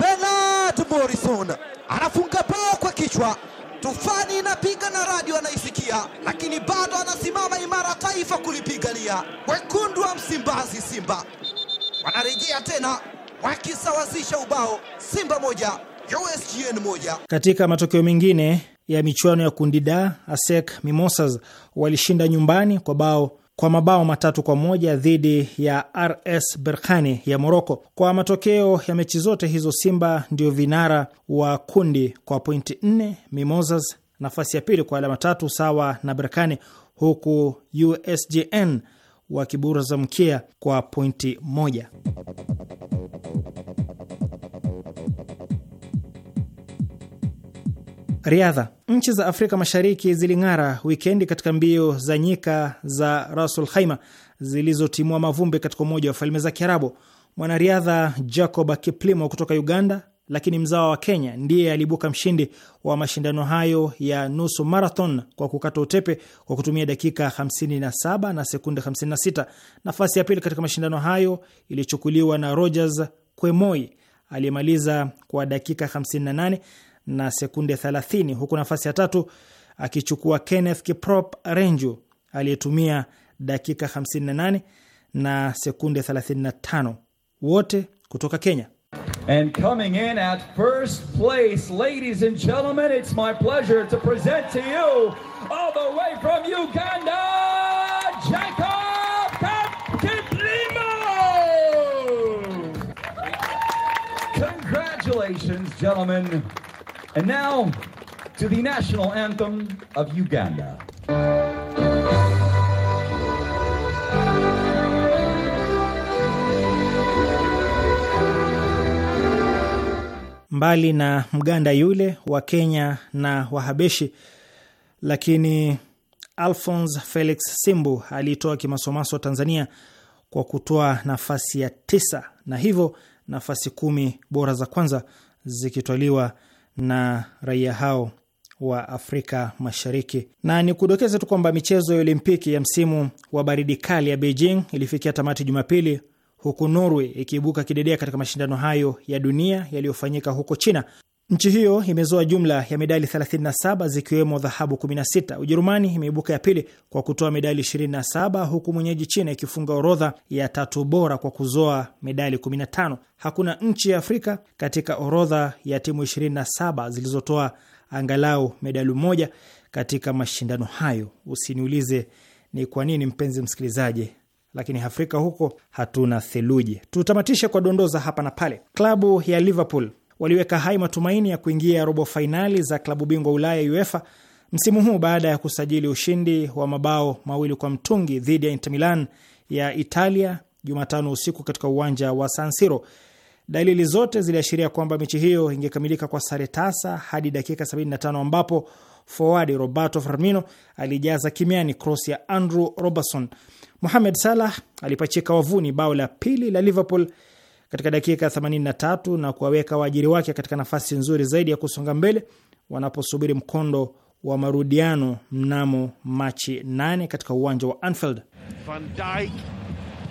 Bernard Morrison anafunga bao kwa kichwa. Tufani inapiga na radio anaisikia, lakini bado anasimama imara taifa kulipigania. Wekundu wa Msimbazi Simba wanarejea tena wakisawazisha ubao Simba moja USGN moja. Katika matokeo mengine ya michuano ya kundi D, ASEC Mimosas walishinda nyumbani kwa bao kwa mabao matatu kwa moja dhidi ya RS Berkane ya Moroko. Kwa matokeo ya mechi zote hizo, Simba ndio vinara wa kundi kwa pointi nne, Mimosas nafasi ya pili kwa alama tatu sawa na Berkane, huku usgn wakibura mkia kwa pointi moja. Riadha. Nchi za Afrika Mashariki ziling'ara wikendi katika mbio za nyika za Rasul Khaima zilizotimua mavumbi katika Umoja wa Falme za Kiarabu. Mwanariadha Jacob Kiplimo kutoka Uganda, lakini mzawa wa Kenya, ndiye aliibuka mshindi wa mashindano hayo ya nusu marathon kwa kukata utepe kwa kutumia dakika 57 na sekunde 56. Nafasi ya pili katika mashindano hayo ilichukuliwa na Rogers Kwemoi aliyemaliza kwa dakika 58 na sekunde 30, huku nafasi ya tatu akichukua Kenneth Kiprop Renju aliyetumia dakika 58 na sekunde 35, wote kutoka Kenya. And coming in at first place, ladies and gentlemen, it's my pleasure to present to you, all the way from Uganda, Jacob Kiplimo! Congratulations, gentlemen. And now to the national anthem of Uganda. Mbali na Mganda yule wa Kenya na Wahabeshi, lakini Alphonse Felix Simbu aliitoa kimasomaso Tanzania kwa kutoa nafasi ya tisa na hivyo nafasi kumi bora za kwanza zikitwaliwa na raia hao wa Afrika Mashariki. Na ni kudokeza tu kwamba michezo ya Olimpiki ya msimu wa baridi kali ya Beijing ilifikia tamati Jumapili, huku Norway ikiibuka kidedea katika mashindano hayo ya dunia yaliyofanyika huko China. Nchi hiyo imezoa jumla ya medali 37 zikiwemo dhahabu 16. Ujerumani imeibuka ya pili kwa kutoa medali 27 huku mwenyeji China ikifunga orodha ya tatu bora kwa kuzoa medali 15. Hakuna nchi ya Afrika katika orodha ya timu 27 zilizotoa angalau medali moja katika mashindano hayo. Usiniulize ni kwa nini, mpenzi msikilizaji, lakini Afrika huko hatuna theluji. Tutamatishe kwa dondoza hapa na pale. Klabu ya Liverpool waliweka hai matumaini ya kuingia robo fainali za klabu bingwa Ulaya UEFA msimu huu baada ya kusajili ushindi wa mabao mawili kwa mtungi dhidi ya Inter Milan ya Italia Jumatano usiku katika uwanja wa San Siro. Dalili zote ziliashiria kwamba mechi hiyo ingekamilika kwa sare tasa hadi dakika 75 ambapo forward Roberto Firmino alijaza kimiani cross ya Andrew Robertson. Mohamed Salah alipachika wavuni bao la pili la Liverpool katika dakika ya 83 na kuwaweka waajiri wake katika nafasi nzuri zaidi ya kusonga mbele wanaposubiri mkondo wa marudiano mnamo Machi 8 katika uwanja wa Anfield. Van Dijk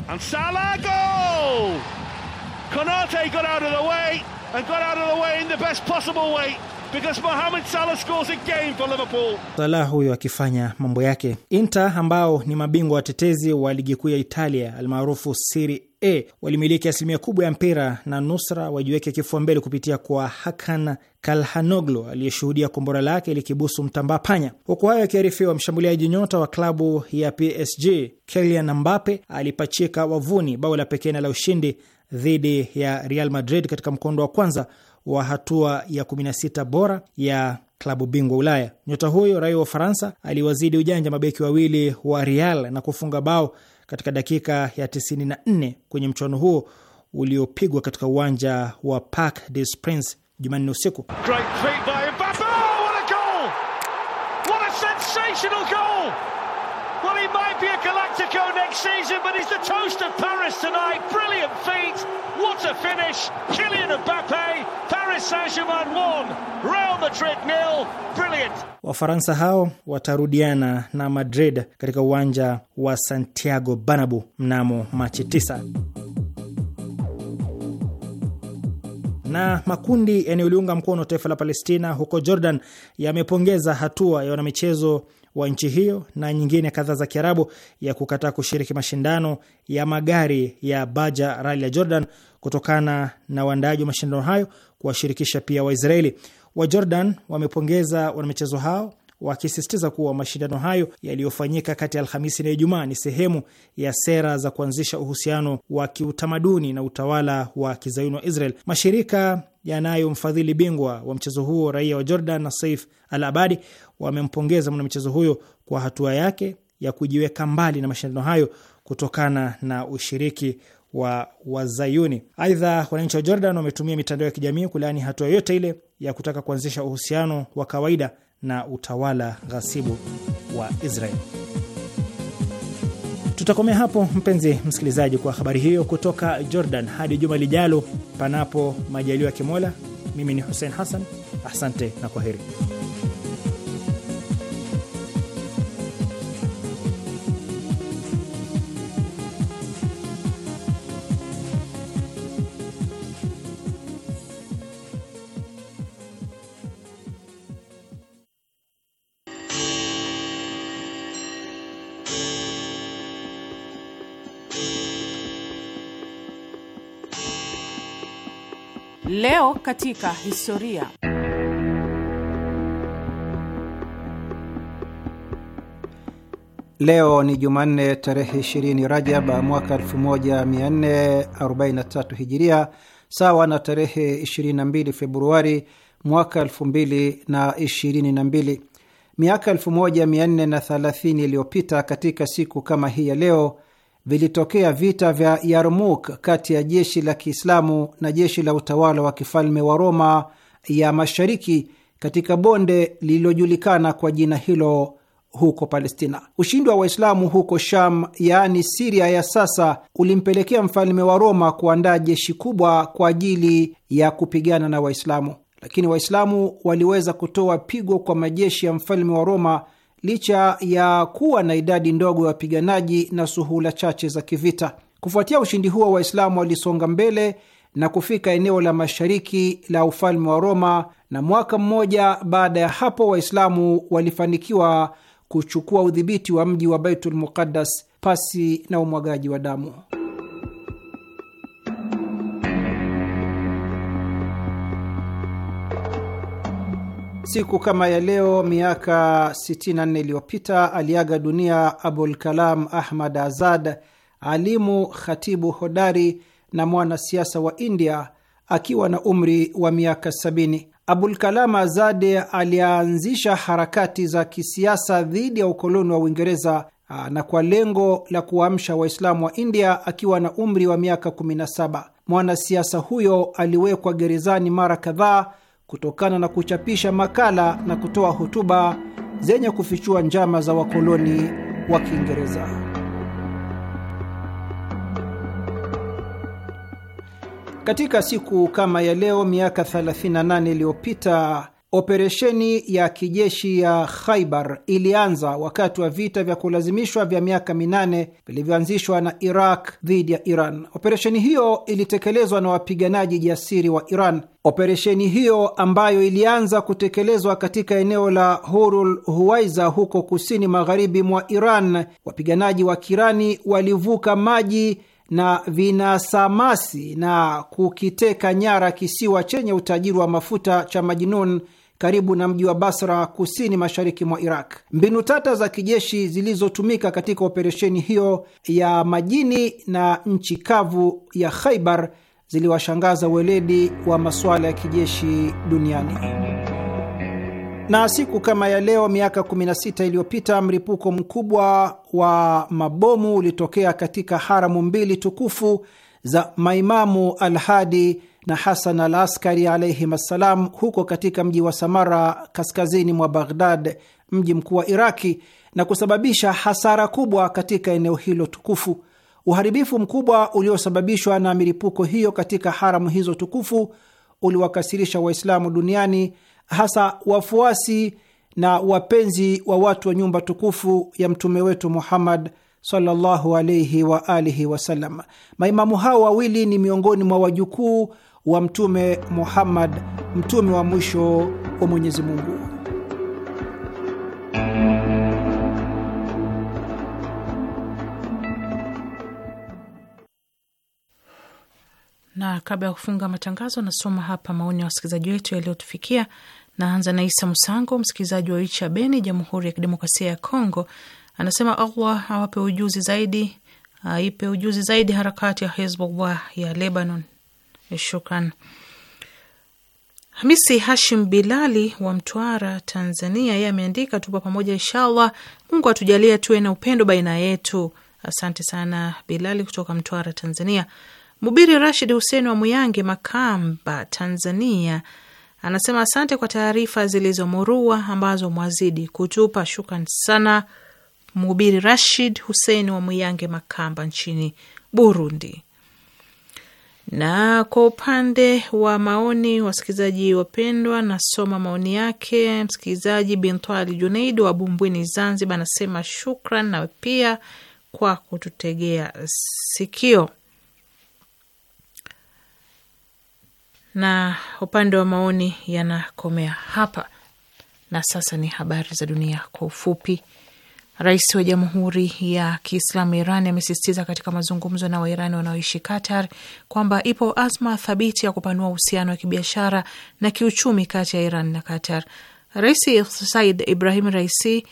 and Salah goal! Konate got out of the way and got out of the way in the best possible way. Because Mohamed Salah scores again for Liverpool. Salah huyo akifanya mambo yake. Inter ambao ni mabingwa watetezi wa ligi kuu ya Italia almaarufu Serie walimiliki asilimia kubwa ya mpira na nusra wajiweke kifua mbele kupitia kwa Hakan Kalhanoglu aliyeshuhudia kombora lake likibusu mtambaa panya. Huku hayo akiarifiwa, mshambuliaji nyota wa klabu ya PSG Kylian Mbappe alipachika wavuni bao la pekee na la ushindi dhidi ya Real Madrid katika mkondo wa kwanza wa hatua ya 16 bora ya klabu bingwa Ulaya. Nyota huyo raia wa Ufaransa aliwazidi ujanja mabeki wawili wa Real na kufunga bao katika dakika ya 94 kwenye mchuano huo uliopigwa katika uwanja wa Parc des Princes Jumanne usiku. Great feat by Mbappe. Oh, what a goal! What a sensational goal! might be a Galactico next season, but he's the toast of Paris tonight. Brilliant feat. What a finish. Kylian Mbappe, Paris Saint-Germain won. Real Madrid nil. Brilliant. Wafaransa hao watarudiana na Madrid katika uwanja wa Santiago Bernabeu mnamo Machi 9. Na makundi yanayoliunga mkono taifa la Palestina huko Jordan yamepongeza hatua ya wanamichezo wa nchi hiyo na nyingine kadhaa za Kiarabu ya kukataa kushiriki mashindano ya magari ya Baja rali ya Jordan kutokana na waandaaji wa mashindano hayo kuwashirikisha pia Waisraeli. Wa Jordan wamepongeza wanamichezo hao wakisisitiza kuwa mashindano hayo yaliyofanyika kati ya Alhamisi na Ijumaa ni sehemu ya sera za kuanzisha uhusiano wa kiutamaduni na utawala wa kizayuni wa Israel. Mashirika yanayomfadhili bingwa wa mchezo huo raia wa Jordan na Saif Al Abadi wamempongeza mwanamchezo huyo kwa hatua yake ya kujiweka mbali na mashindano hayo kutokana na ushiriki wa wazayuni. Aidha, wananchi wa Jordan wametumia mitandao ya kijamii kulaani hatua yoyote ile ya kutaka kuanzisha uhusiano wa kawaida na utawala ghasibu wa Israel. Tutakomea hapo mpenzi msikilizaji, kwa habari hiyo kutoka Jordan. Hadi juma lijalo, panapo majaliwa ya Kimola. Mimi ni Hussein Hassan, asante na kwa heri Leo katika historia. Leo ni Jumanne tarehe 20 Rajab mwaka 1443 Hijiria, sawa na tarehe 22 Februari mwaka 2022. Miaka 1430 iliyopita katika siku kama hii ya leo vilitokea vita vya Yarmuk kati ya jeshi la Kiislamu na jeshi la utawala wa kifalme wa Roma ya mashariki katika bonde lililojulikana kwa jina hilo huko Palestina. Ushindi wa Waislamu huko Sham, yaani Siria ya sasa, ulimpelekea mfalme wa Roma kuandaa jeshi kubwa kwa ajili ya kupigana na Waislamu, lakini Waislamu waliweza kutoa pigo kwa majeshi ya mfalme wa Roma licha ya kuwa na idadi ndogo ya wapiganaji na suhula chache za kivita. Kufuatia ushindi huo, Waislamu walisonga mbele na kufika eneo la mashariki la ufalme wa Roma, na mwaka mmoja baada ya hapo Waislamu walifanikiwa kuchukua udhibiti wa mji wa Baitul Muqaddas pasi na umwagaji wa damu. Siku kama ya leo miaka 64 iliyopita aliaga dunia Abulkalam Ahmad Azad, alimu, khatibu hodari na mwanasiasa wa India akiwa na umri wa miaka 70. Abulkalam Azad alianzisha harakati za kisiasa dhidi ya ukoloni wa Uingereza ah, na kwa lengo la kuwaamsha Waislamu wa India akiwa na umri wa miaka 17. Mwanasiasa huyo aliwekwa gerezani mara kadhaa kutokana na kuchapisha makala na kutoa hotuba zenye kufichua njama za wakoloni wa Kiingereza. Katika siku kama ya leo miaka 38 iliyopita Operesheni ya kijeshi ya Khaibar ilianza wakati wa vita vya kulazimishwa vya miaka minane vilivyoanzishwa na Iraq dhidi ya Iran. Operesheni hiyo ilitekelezwa na wapiganaji jasiri wa Iran. Operesheni hiyo ambayo ilianza kutekelezwa katika eneo la Hurul Huwaiza huko kusini magharibi mwa Iran, wapiganaji wa Kirani walivuka maji na vinasamasi na kukiteka nyara kisiwa chenye utajiri wa mafuta cha Majnun karibu na mji wa Basra, kusini mashariki mwa Iraq. Mbinu tata za kijeshi zilizotumika katika operesheni hiyo ya majini na nchi kavu ya Khaibar ziliwashangaza weledi wa masuala ya kijeshi duniani. Na siku kama ya leo miaka 16 iliyopita mlipuko mkubwa wa mabomu ulitokea katika haramu mbili tukufu za maimamu Alhadi na Hasan al Askari alaihim assalam huko katika mji wa Samara kaskazini mwa Baghdad, mji mkuu wa Iraki, na kusababisha hasara kubwa katika eneo hilo tukufu. Uharibifu mkubwa uliosababishwa na milipuko hiyo katika haramu hizo tukufu uliwakasirisha Waislamu duniani, hasa wafuasi na wapenzi wa watu wa nyumba tukufu ya mtume wetu Muhammad sallallahu alaihi wa alihi wasallam. Maimamu hao wawili ni miongoni mwa wajukuu wa Mtume Muhammad, mtume wa mwisho wa Mwenyezi Mungu. Na kabla ya kufunga matangazo, nasoma hapa maoni ya wasikilizaji wetu yaliyotufikia. Naanza na Isa Msango, msikilizaji wa Icha Beni, Jamhuri ya Kidemokrasia ya Kongo. Anasema Allah awape ujuzi zaidi, aipe ujuzi zaidi harakati ya Hezbollah ya Lebanon Eh, shukran. Hamisi Hashim Bilali wa Mtwara, Tanzania, yeye ameandika tupo pamoja inshallah. Mungu atujalie tuwe na upendo baina yetu. Asante sana Bilali kutoka Mtwara, Tanzania. Mubiri Rashid Hussein wa Muyange, Makamba, Tanzania, anasema asante kwa taarifa zilizomurua ambazo mwazidi kutupa. Shukran sana Mhubiri Rashid Hussein wa Muyange Makamba nchini Burundi. Na kwa upande wa maoni, wasikilizaji wapendwa, nasoma maoni yake msikilizaji Bintwali junaid wa Bumbwini, Zanzibar, anasema shukran na pia kwa kututegea sikio. Na upande wa maoni yanakomea hapa, na sasa ni habari za dunia kwa ufupi. Rais wa Jamhuri ya Kiislamu Iran amesisitiza katika mazungumzo na Wairani wanaoishi Qatar kwamba ipo azma thabiti ya kupanua uhusiano wa kibiashara na kiuchumi kati ya Iran na Qatar. Rais Said Ibrahim Raisi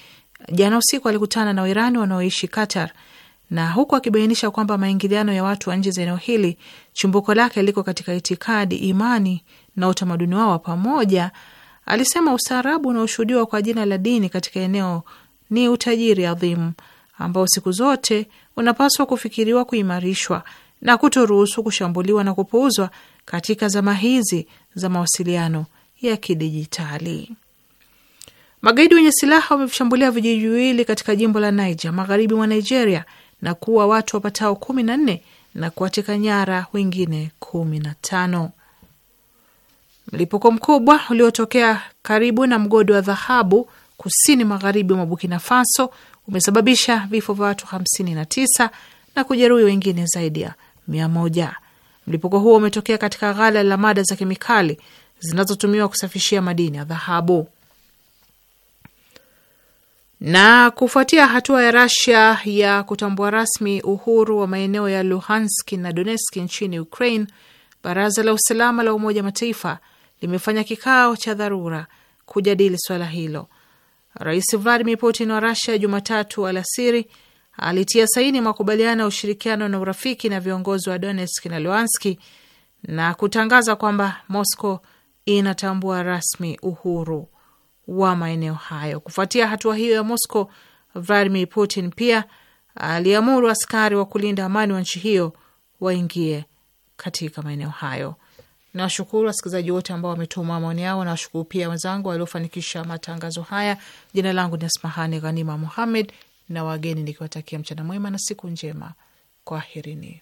jana usiku alikutana na Wairani wanaoishi Qatar na huku akibainisha kwamba maingiliano ya watu wa nje za eneo hili chimbuko lake liko katika itikadi, imani na utamaduni wao wa pamoja. Alisema ustaarabu unaoshuhudiwa kwa jina la dini katika eneo ni utajiri adhimu ambao siku zote unapaswa kufikiriwa, kuimarishwa na kutoruhusu kushambuliwa na kupuuzwa katika zama hizi za mawasiliano ya kidijitali. Magaidi wenye silaha wameshambulia vijiji viwili katika jimbo la Niger, magharibi mwa Nigeria, na kuua watu wapatao kumi na nne na kuwateka nyara wengine kumi na tano. Mlipuko mkubwa uliotokea karibu na mgodi wa dhahabu kusini magharibi mwa Burkina Faso umesababisha vifo vya watu 59 na kujeruhi wengine zaidi ya 100. Mlipuko huo umetokea katika ghala la mada za kemikali zinazotumiwa kusafishia madini ya dhahabu. Na kufuatia hatua ya rasia ya kutambua rasmi uhuru wa maeneo ya Luhanski na doneski nchini Ukraine, Baraza la Usalama la Umoja Mataifa limefanya kikao cha dharura kujadili swala hilo Rais Vladimir Putin wa Rasia Jumatatu alasiri alitia saini makubaliano ya ushirikiano na urafiki na viongozi wa Donetsk na luanski na kutangaza kwamba Moscow inatambua rasmi uhuru wa maeneo hayo. Kufuatia hatua hiyo ya Moscow, Vladimir Putin pia aliamuru askari wa kulinda amani wa nchi hiyo waingie katika maeneo hayo. Nawashukuru wasikilizaji wote ambao wametuma maoni yao. Nawashukuru pia wenzangu waliofanikisha matangazo haya. Jina langu ni Asmahani Ghanima Muhammed na wageni nikiwatakia mchana mwema na siku njema. Kwaherini.